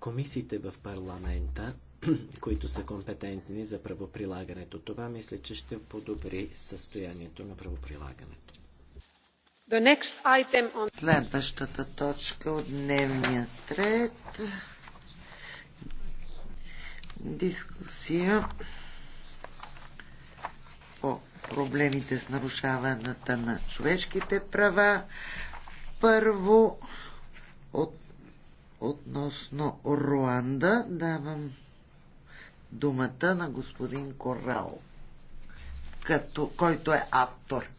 комисиите в парламента, които са компетентни за правоприлагането. Това мисля, че ще подобри състоянието на правоприлагането. On... Следващата точка от дневния ред дискусия по проблемите с нарушаваната на човешките права. Първо от Относно Руанда давам думата на господин Корал, като, който е автор.